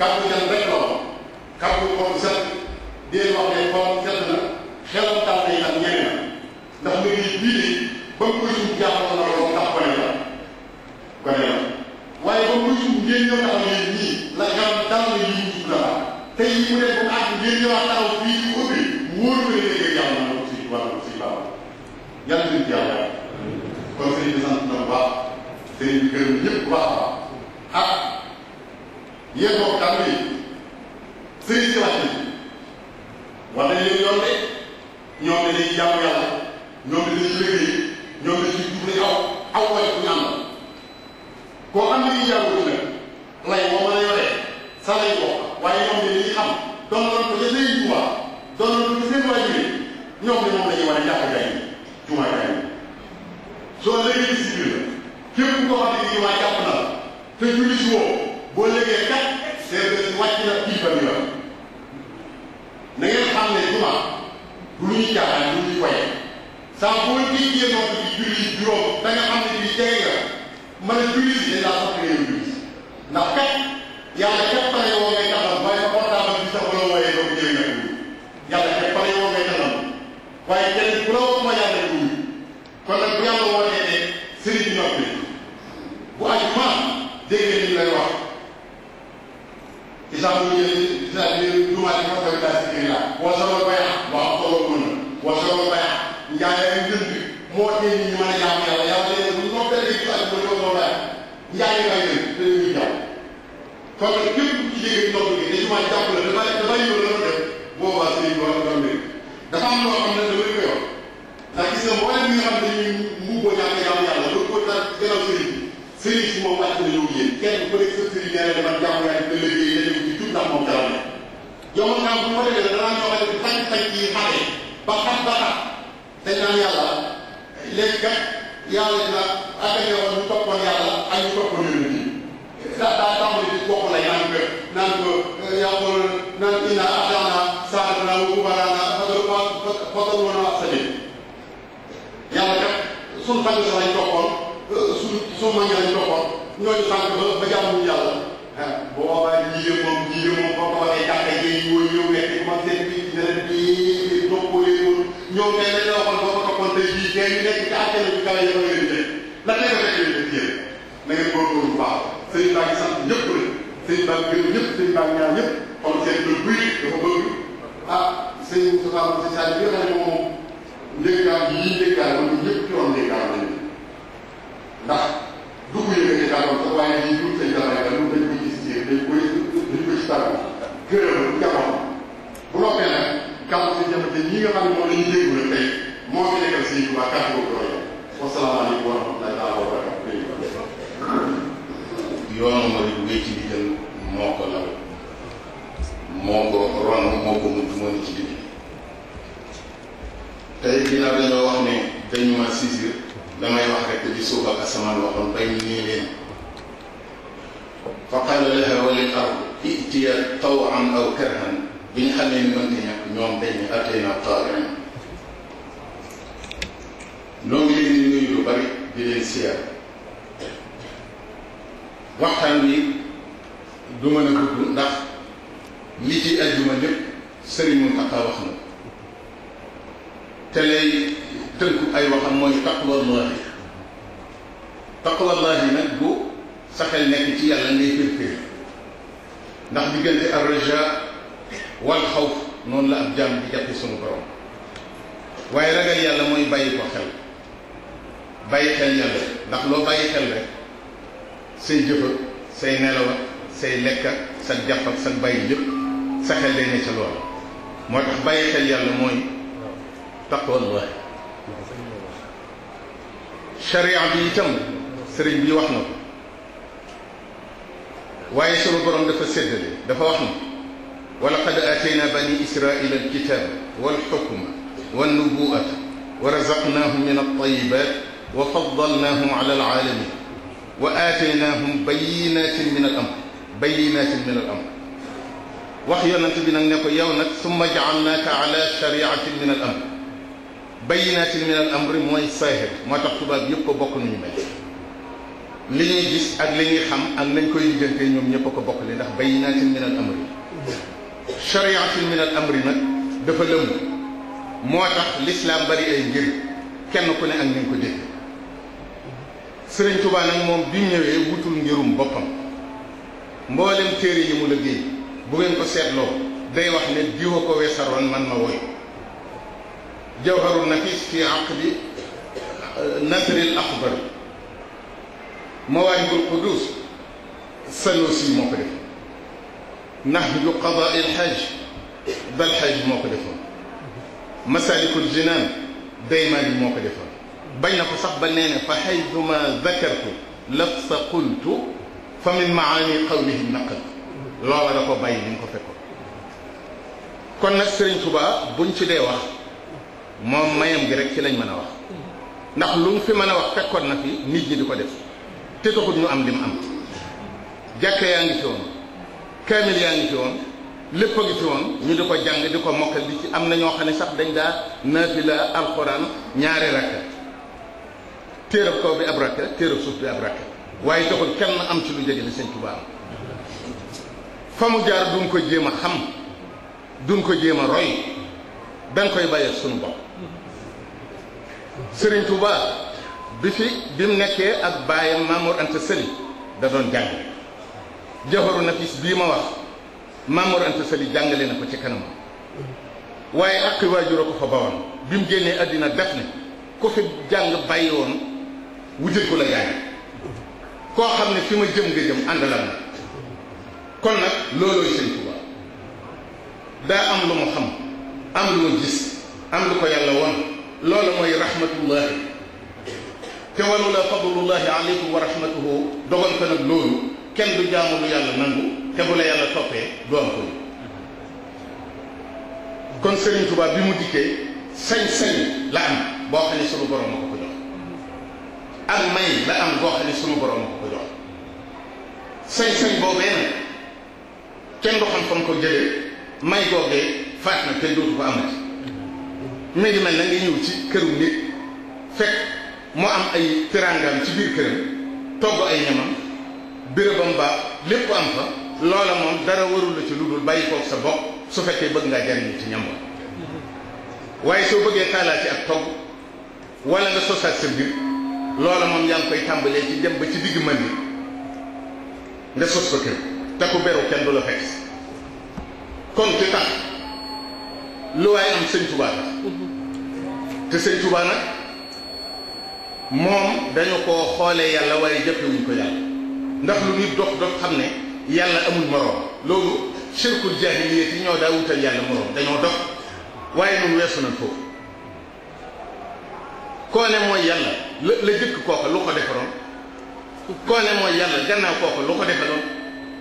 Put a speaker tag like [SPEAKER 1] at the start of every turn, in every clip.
[SPEAKER 1] kàddu ñan rek la woon kàddu xool set déen wax ne xool set na xelam taal na itam ñene na ndax mu ngi bii ba mu koy suñ jaaxal na loolu tax gone la gone la waaye ba muy suñ ngeen ñëw taxaw yéen ñii la xelam taal na yi ñu la tey mu ne bu àgg ngeen ñëwaat taxaw fii ci ubbi wóor na ne jàmm na ko si wàllu si baax yàlla nañ ci yàlla kon sëriñ bi sant na bu baax sëriñ bi gërëm ñëpp bu baax yéegoo kàddu yi sëriñ si wax yi wala yéen de ñoom dañuy jaamu yàlla ñoom dañuy liggéey ñoom dañuy jublu aw aw way bu ñu am koo yi yàggu ci nag lay boo mën a yoree sa lay boo waaye ñoom dañuy xam doon nañ ko yéen lay jubaa doon nañ ko seen waajur yi ñoom de moom la ñuy war a jàpp gay yi jumaa gay yi soo léegi gis biir képp koo xam ne nii waa jàpp na te julli si woo boo liggéey kat c'est wàcc na kii ba ñu na ngeen xam ne juma du lu ñuy lu ñuy waye saa boo déggee noonu di julli juróom da nga xam ne bii tey nga mën a julli si daa soxla yow julli ndax kat yàlla képp pare woo ngay taxal waaye portable bi sax wala waaye doo ko jëlee nga dugg yàlla képp pare woo ngay ma yàlla dugg kon nag bu yàlla wootee ne sëriñ bi bu ajuma dégg nga li lay wax. لتقولي تدير دوما لكفر ذاتك الله وصلوا البيع وأبطلوا المنى وصلوا البيع يعني يمكن موتين من يعمل يلا يلا يلا يلا yaa ngi may yëngu te ñuy jàpp kon nag képp ku ci yëngu ndox mi dañu maa jàpp la dafay dafay yóbbu la def boobaa sëñ bi wala dama dafa am loo xam ne damay koy wax ndax gis nga mboolem bi nga xam ne ñu mbubboo ñàkk jàmm yàlla ba ko tax gannaaw sëriñ bi sëriñ si moom wàcc na ñëw yéen kenn ku nekk sa sëriñ nee na dama jàpp naa ne te liggéey tax moom ca la nekk yow man naa bu ko defee danaa ñoo xam ne tànk tànk yi xale ba xam ba xam dañ naan yàlla léegi kat yàlla dina àggale woon ñu toppoon yàlla ak ñu toppoon yonent yi daa daa tàmbali di bokk lay naan ko naan ko yàqul naan ina ataana saadana wa kubaraana fatal woon ak sa yàlla kat suñu fànn lañ toppoon euh, suñu suñu màngi lañ toppoon ñooñu sànq ba ba jàmmuñu yàlla bu boobaa ji yëpp moom ji yëpp moom boo ko waxee jàkka yi ñëw ñëw weesu commencé bii di leen bii toppoo woon ñoom tey dañ la waxoon boo ko toppoon tey jii tey ñu nekk ci àtteel bi kaw yi dafa leen lan lay ko fekkee def yéen na ngeen góorgóorlu bu baax sëñ baa ngi sant ñëpp la sëñ baa ngi gërëm ñëpp sëñ baa ngi ñaan ñëpp kon seen lu buy dafa bëgg ah sëñ Moussa Moussa Sall bi nga xam ne moom njëkkaam bi yii njëkkaam moom ñëpp ci woon njëkkaam lañu ndax dugg yëkkati daal moom sax waaye nga xam ne moom la ñu déglu rek tey moo fi nekkal Sëriñ Tuubaa kàddu boobu doy na wasalaamaaleykum wa rahmatullahi taala wa barakatuh yoonu ma di wéy ci ndigal moo ko lal moo ko ron moo ko mujj moo ni ci digg tey ginnaaw dañoo wax ne dañu ma saisir damay wax rek di suuf ak asamaan waxoon bañ nii leen fa qaala laha wa lil ard itiya tawan aw karhan bi ñu xamee ni mënta ñàkk ñoom dañ ne atayna taarin noo ngi leen di lu bari di leen siyaar waxtaan wi du mën a gudd ndax li ci ajjuma lépp sëriñ Muntaxa wax na te lay tënku ay waxam mooy taqwallahi taqwallahi nag bu sa nekk ci yàlla ngay kër kër ndax diggante arraja wal xawf noonu la ab jaam di jàppe sunu borom waaye ragal yàlla mooy bàyyi ko xel bàyyi xel yàlla ndax loo bàyyi xel rek say jëfa say nelaw ak say lekk ak sa jàpp ak sa bàyyi lépp sa xel day ne ca loola moo tax bàyyi xel yàlla mooy taqwallah sharia bi itam sëriñ bi wax na ko waaye sunu borom dafa séddale dafa wax na wa laqad aatayna bani israila alkitaba walxukma wannubuata wa razaqnaahum min altayibat wa faddalnaahum ala alaalamin wa aataynaahum bayinatin min al amr bayinatin min al amr wax yonent bi nag ne ko yow nag summa jaalnaaka ala shariatin min al amr bayinatin min al amri mooy saahir moo tax tubaab yëpp ko bokk nañu mel li ñuy gis ak li ñuy xam ak lañ koy liggéeyante ñoom ñëpp a ko bokk li ndax bayinatin min al amri chariatin min al amri nag dafa moo tax lislaam bari ay njëriñ kenn ku ne ak ni nga ko dégg sëriñ Tuubaa nag moom bi ñëwee wutul ngirum boppam mboolem téere yi mu liggéey bu ngeen ko seetloo day wax ne diwa ko weesaroon man ma woy jawharu nafis fi aqdi euh, nasril axbar mawaahibul qudus sanusi moo ko def nahju qadaa il xaj bal xaj moo ko defoon masaalikul jinaan daymaan bi moo ko defoon bañ na ko sax ba nee ne fa xaytuma dakartu sa qultu fa min maani qawlihi naqal loola da ko bàyyi ni mu ko fekkoon kon nag Sëriñ Tuubaa buñ ci dee wax moom mayam gi rek ci lañ mën a wax ndax lu mu fi mën a wax fekkoon na fi nit ñi di ko def te taxut ñu am li mu am jàkka yaa ngi ci woon kaamil yaa ngi fi woon lépp a ngi fi woon ñu di ko jàng di ko mokkal di ci am na ñoo xam ne sax dañ daa naafila alxuraan ñaari rakk téerab kaw bi ab rakk téerab suuf bi ab rakk waaye taxul kenn am ci lu jege li sëñ Tuubaa fa mu jaar duñ ko jéem a xam dun ko jéem a roy dañ koy bàyyi suñu bopp sëriñ Tuubaa bi fi bi mu nekkee ak baayam Maamoor Anta Sëli da doon jàng jaxaru nafis bii ma wax Mamour Anta Sali jàngale na ko ci kanam waaye àqi waajur a ko fa bawoon bi mu génnee àddina def ne ku fi jàng bàyyi woon wutal ko la yaay koo xam ne fi ma jëm nga jëm àndalal na kon nag loolooy sëñ Tuuba daa am lu mu xam am lu mu gis am lu ko yàlla woon loolu mooy rahmatullahi te la fadlullahi aleykum wa rahmatuhu dogal nag loolu kenn du jaamu lu yàlla nangu te bu la yàlla toppee du am ko kon Serigne Touba bi mu dikkee sañ-sañ la am boo xam ne sunu borom moo ko ko jox ak may la am boo xam ne borom moo ko ko jox sañ-sañ boobee nag kenn du xam fan ko jëlee may googee faat na te dootu ko amati mi ngi mel na nga ñëw ci këru nit fekk mu am ay teraangaam ci biir këram togg ay ñamam. bérébam ba lépp am fa loola moom dara warul la ci lu dul bàyyi koog sa bopp su fekkee bëgg ngaa jariñu ci ñam waaye soo bëggee xaalaat ci ak togg wala nga sosaat sa mbir loola moom yaa ngi koy tàmbalee ci dem ba ci digg mën bi nga sos ko kër te beru kenn du la fekk kon te tax lu waaye am sëñ Tuubaa te sëñ Tuubaa nag moom dañu ko xoolee yàlla waaye jëppewuñ ko yàlla ndax lu nit dox dox xam ne yàlla amul moroom loolu shirkul jaahiliya yi ñoo daa wutal yàlla moroom dañoo dox waaye ñun weesu na foofu koo ne mooy yàlla la la jëkk kooka ko defaroon koo ne mooy yàlla gannaaw kooka lu ko defaroon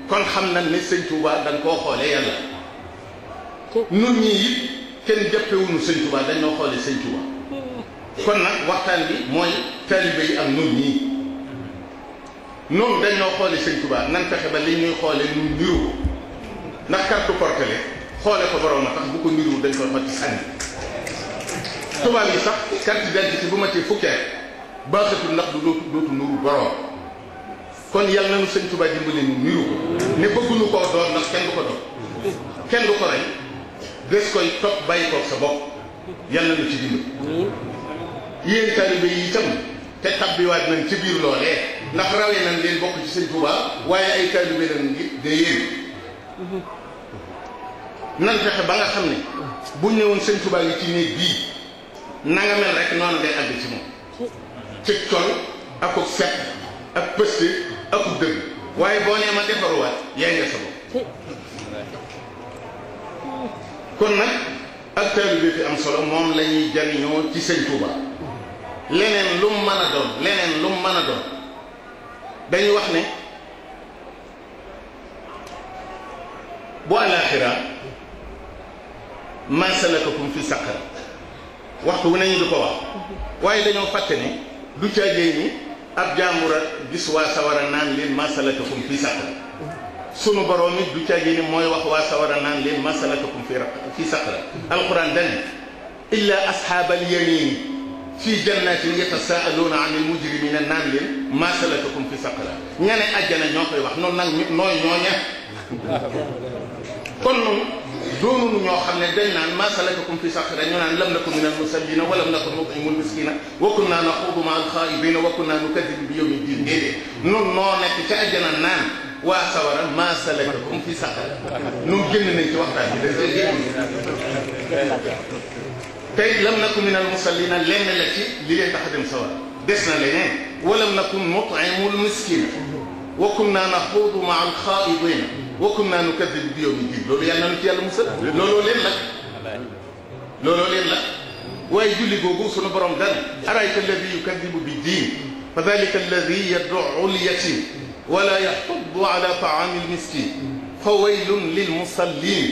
[SPEAKER 1] kon xam nañ ne sëñ Touba dañ koo xoolee yàlla nun ñii it kenn jàppewuñu sëñ Touba dañ noo xoolee sëñ Touba kon nag waxtaan bi mooy taalibe yi ak nun ñii noonu dañoo xoole sëñ Tuubaa nan fexe ba li ñuy xoole ñu niru ndax carte portele xoole ko borom a tax bu ko niru dañ koy xotti sànni tubaab yi sax carte d'identité bu ma ci fukkee baaxatul ndax du dootu dootu nuru borom kon yàlla nañu sëñ Tuubaa dimbale ñu niru ko ne bëgguñu koo doon ndax kenn du ko doon kenn du ko rey des koy topp bàyyi koog sa bopp yàlla nañu ci dimbali yéen taalibe yi itam te tabbiwaat nañ ci biir loolee ndax rawee nañ leen bokk ci sëñ Tuubaa waaye ay taalibe lañ ngi de yéen nan fexe ba nga xam ne bu ñëwoon sëñ Tuubaa ngi ci néeg bii na nga mel rek noonu day àgg ci moom ci col ak ko fet ak pëste ak ko dëgg waaye boo nee ma defaruwaat yaay nga sa kon nag ak taalibe fi am solo moom la ñuy jariñoo ci sëñ Tuubaa leneen lum mën a doon leneen lum mën a doon dañu wax ne bu àllaaxira maa salakakum fi saqar waxtu wu nañu di ko wax waaye dañoo fàtte ne du caagéey ni ab jaambur a gis waa sawara naan leen maa salakakum fi saqar sunu borom it du caagéey ni mooy wax waa sawara naan leen maa salakakum fi saqar alquran dane illa ashaabal yamin fii jannatin yatasaaluuna anil mujrimina naan leen maa salakakum fi saqara ña ne àjjana ñoo koy wax noonu nag nooy ñooña kon noonu doonunu ñoo xam ne dañ naan maa salakakum fi saqara ñu naan lam naku min al musallina wa lam naku nutimul miskina wa kunna naxuudu ma al xaa'ibina wa kunna nukadibu bi yawmi diin déedéet noonu noo nekk ca àjjana naan waa sawara maa salakakum fi saqara ñun génn nañ ci waxtaan bi dañ tey lam naku min al musallina lenn la ci li leen tax a dem sawar des na leneen walam nakun nut'imul miskin wa kunna naxuudu ma al xaa'idiin wa kunna nukaddibu bi yawmi diin loolu yàlla na ci yàlla musal looloo leen la looloo leen la waaye julli googu sunu borom dal arayta alladi yukaddibu bi diin fa dalika alladi yad'u al yatiim wa laa yaxuddu ala taami al miskiin fa waylun lil musalliin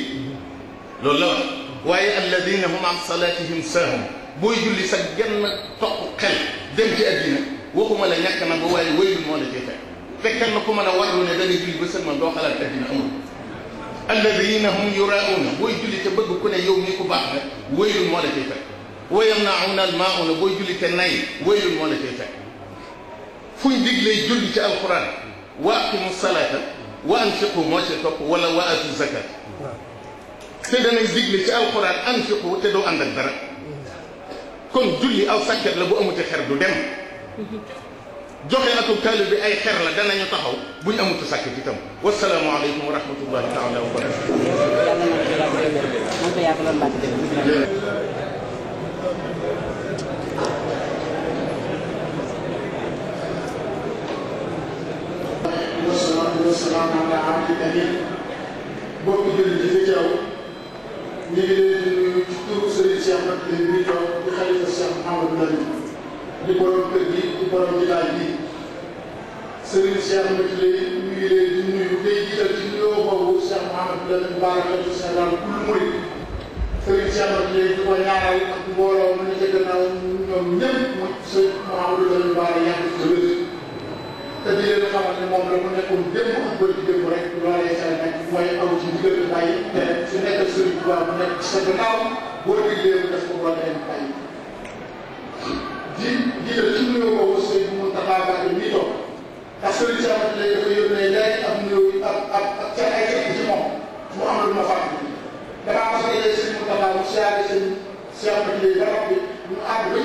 [SPEAKER 1] loolu la waaye alladina hum an salatihim saahun booy julli sa genn toq xel dem ci addina waxuma la ñàkk na ba moo la ci fekk fekkal na ku mën a warlu ne dangay julli ba sën man doo xalaat addina amul alladina hum yuraauna booy julli te bëgg ku ne yow mi ku baax na wéyul moo la ciy fekk booy julli te nay wéyul moo la fu ñu ci alquran wa aqimu salata wa anfiqu wala wa atu te danay digle ci alxuraan anfiqu te doo ànd ak dara kon julli aw sàkket la bu amute xer du dem joxe atum taalib bi ay xer la danañu taxaw bu ñu amutu sàkket itam wasalaamu aleykum wa rahmatullahi taala wa barakatu wasalaam ala abdi amin bokk julli di fi teew ñu ngi leen di nuyu ci turu Serigne Cheikh Mbacké mi ngi toog di xalifa Cheikh Mouhamadou di borom kër gi di borom jilaay bi Serigne Cheikh Mbacké ñu ngi leen di nuyu tey jiital ci nuyoo boobu Cheikh Mouhamadou Lamine barakatu Sénégal kul murid Serigne Cheikh Mbacké di ko ñaanal ak mbooloo mu ne ca gannaaw ñoom ñëpp mu Serigne Mouhamadou Lamine Bara yàgg ci wér te di leen xamal ne moom la mu nekkoon démb ak bëri démb rek loolee ca nekk mooy aw ci ndigal di bàyyi te su nekk Serigne Touba mu nekk sa gannaaw boo déggee mu des ko war leen di di la ci nuyoo boobu Serigne Mountakha Mbacké mi toog parce que li ci amat léegi dafa yónnee léegi am nuyoo ab ab ab moom mu am lu ma fàttali damaa mas a yee Serigne Mountakha mu siyaare Serigne Cheikh Mbacké léegi ba noppi ñu àgg ba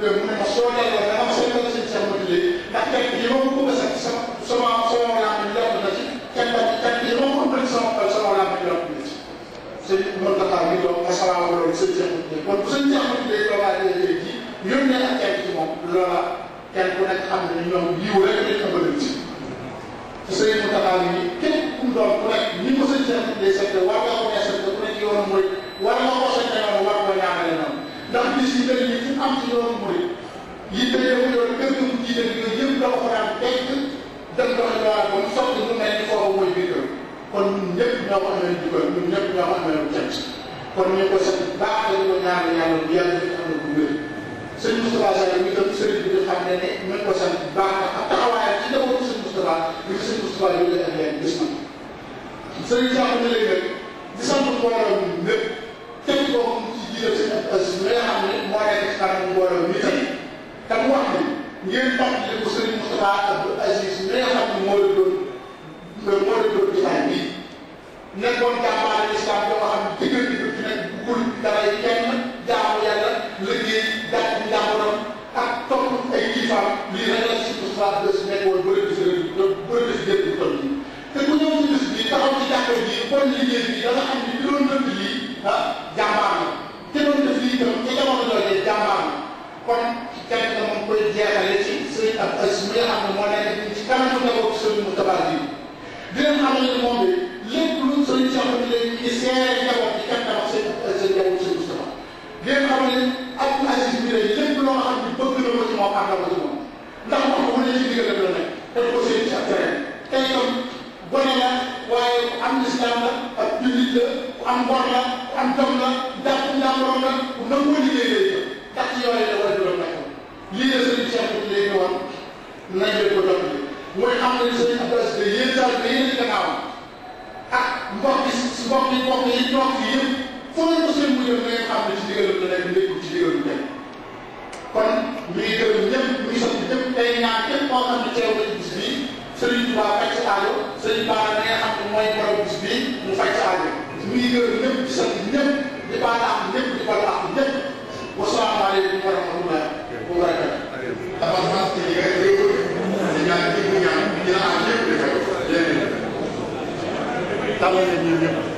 [SPEAKER 1] mu ne ma soo delloo dana ma seen dana seen sama jullee ndax kenn yi ma bëgg a sax sama sama sama laam bi lott na ci kenn kenn yi ma bëgg a sama sama laam bi lott na ci sëñ Mountakha mi doon ma salaama loolu sëñ Cheikh Moutoulee kon bu sëñ Cheikh Moutoulee loolaa léeg-léeg ji yónnee ak kenn ci moom loola kenn ku nekk xam ne ñoom yiw rek lañ ko bëgg ci te sëñ Mountakha mi képp ku doon ku nekk ni ko sëñ Cheikh Moutoulee seetee war nga ko ne seetee ku nekk yoonam mooy war nga ko seetee ndax bis yi mel nii fi mu am ci yoonu murid yi day yëngu yoon gën a mujj yëngu yooyu yëpp dafa ko daan tekk dem doxali waat ba mu sotti mu mel ni foofu mooy biir yoon kon ñun ñëpp ñoo ko amee jugal ñun ñëpp ñoo ko amee lu jëm kon ñu ko sant baax dañ ko ñaan yàlla bu yàlla def am na bu wér sëñ Moustapha Sall mi tam sëriñ bi xam ne ne ñu ko sant baax na ak taxawaayam ci defaru sëñ Moustapha li ko sëñ Moustapha yow la amee gis na sëriñ Sall ne léegi nag di sant mbooloo mi lépp teg ko jiital si Abdou mi nga xam ne moo nekk ci kanam mbooloo mi tam te mu wax ni ngeen fàttali ko Serigne Moustapha Abdou Aziz mi nga xam ne moo la doon moo la doon jotaay bi nekkoon jàmbaar islam boo xam ne diggante bi fi nekk bëggul dafay kenn jaamu yàlla liggéey daal di njàmbaram ak topp ay kilifaam lii rek la si Moustapha Abdou Aziz nekkoon bëri na si réew mi bëri na si dégg bu toll te ku ñëw si bis bi taxaw ci jàkka ji bon liggéey bi dana xam ni àndal ko ci moom ndax wax ko wala ci diggante la nekk dañ ko séntu ci ak terrain tey itam gone la waaye ku am lislaam la ak jullit la ku am ngor la ku am jom la jàpp njàmborom la ku nangoo liggéey lay jëm tax yooyu la war a jural nekkoon lii la sëriñ Cheikh bi léegi woon nañ leen ko jot bi mooy xam ne sëriñ Abdoulaye Sylla yéen daal ba yéen ci gannaawam ak ah mbokk yi mbokk yi mbokk yi ñoo fi yëpp foo leen ko seen mujjëm na ngeen xam ne ci diggante la nekk teewal bis bii bi waa faj aajo sëriñ Bara da nga xam ne mooy borom bis bii mu faj aajo muy gërëm ñëpp di sant ñëpp di baal a am ñëpp di baal a am ñëpp wasalaamaaleykum wa rahmatulah wa barakatu dafa sant li nga dégg di ñaan di ñaan dina am ñëpp di xew